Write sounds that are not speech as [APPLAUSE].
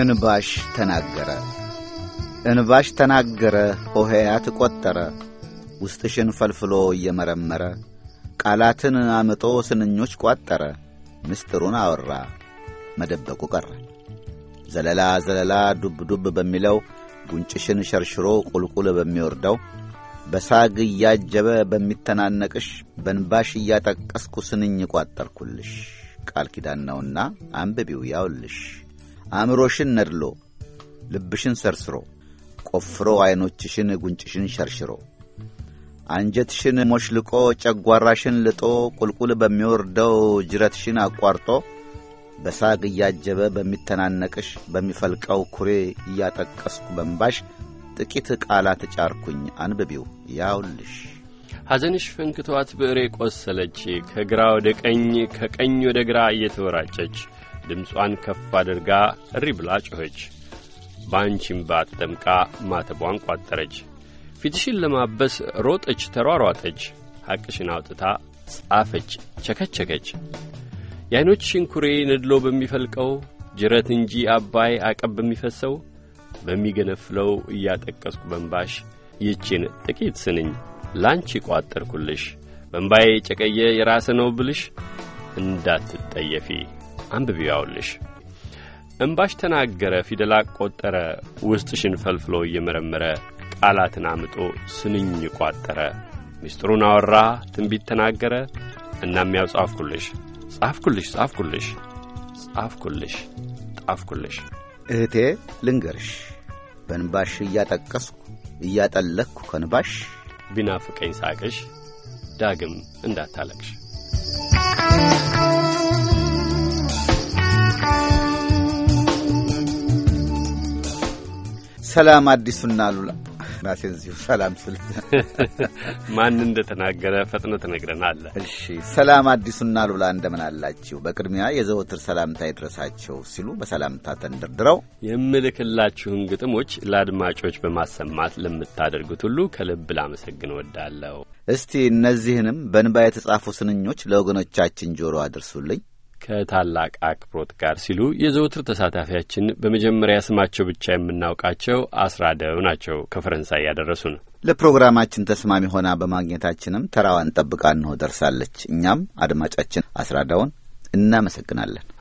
እንባሽ ተናገረ እንባሽ ተናገረ ሆሄያት ቈጠረ ውስጥሽን ፈልፍሎ እየመረመረ ቃላትን አምጦ ስንኞች ቋጠረ ምስጢሩን አወራ መደበቁ ቀረ ዘለላ ዘለላ ዱብ ዱብ በሚለው ጉንጭሽን ሸርሽሮ ቁልቁል በሚወርደው በሳግ እያጀበ በሚተናነቅሽ በንባሽ እያጠቀስኩ ስንኝ ቋጠርኩልሽ ቃል ኪዳን ነውና አንብቢው ያውልሽ አእምሮሽን ነድሎ ልብሽን ሰርስሮ ቆፍሮ ዐይኖችሽን ጉንጭሽን ሸርሽሮ አንጀትሽን ሞሽልቆ ጨጓራሽን ልጦ ቁልቁል በሚወርደው ጅረትሽን አቋርጦ በሳግ እያጀበ በሚተናነቅሽ በሚፈልቀው ኩሬ እያጠቀስኩ በንባሽ ጥቂት ቃላት ጫርኩኝ አንብቢው ያውልሽ ሐዘንሽ ፍንክቷት ብዕሬ ቆሰለች፣ ከግራ ወደ ቀኝ ከቀኝ ወደ ግራ እየተወራጨች ድምጿን ከፍ አድርጋ እሪ ብላ ጮኸች። በአንቺም እምባ ማተቧን ቋጠረች። ፊትሽን ለማበስ ሮጠች፣ ተሯሯጠች። ሐቅሽን አውጥታ ጻፈች፣ ቸከቸከች። የዐይኖችሽን ኩሬ ንድሎ በሚፈልቀው ጅረት እንጂ አባይ አቀብ በሚፈሰው በሚገነፍለው እያጠቀስኩ በንባሽ ይችን ጥቂት ስንኝ ላንቺ ቋጠርኩልሽ በንባዬ የጨቀየ የራሰ ነው ብልሽ እንዳትጠየፊ አንብቢው ያውልሽ እምባሽ ተናገረ፣ ፊደላ ቆጠረ፣ ውስጥሽን ፈልፍሎ እየመረመረ ቃላትን አምጦ ስንኝ ቋጠረ፣ ምስጢሩን አወራ፣ ትንቢት ተናገረ። እናም ያው ጻፍኩልሽ ጻፍኩልሽ ጻፍኩልሽ ጻፍኩልሽ ጻፍኩልሽ እህቴ ልንገርሽ በንባሽ እያጠቀስኩ እያጠለቅኩ ከንባሽ ቢናፍቀኝ ሳቅሽ ዳግም እንዳታለቅሽ Thank ሰላም አዲሱና አሉላ ራሴ እዚሁ ሰላም ስል [LAUGHS] ማን እንደተናገረ ፈጥነ ትነግረናለ። እሺ ሰላም አዲሱና አሉላ እንደምን አላችሁ? በቅድሚያ የዘወትር ሰላምታ ይድረሳቸው ሲሉ በሰላምታ ተንደርድረው የምልክላችሁን ግጥሞች ለአድማጮች በማሰማት ለምታደርጉት ሁሉ ከልብ ላመሰግን ወዳለሁ። እስቲ እነዚህንም በንባ የተጻፉ ስንኞች ለወገኖቻችን ጆሮ አድርሱልኝ። ከታላቅ አክብሮት ጋር ሲሉ የዘውትር ተሳታፊያችን በመጀመሪያ ስማቸው ብቻ የምናውቃቸው አስራደው ናቸው ከፈረንሳይ ያደረሱን። ለፕሮግራማችን ተስማሚ ሆና በማግኘታችንም ተራዋን ጠብቃ እንሆ ደርሳለች። እኛም አድማጫችን አስራዳውን እናመሰግናለን።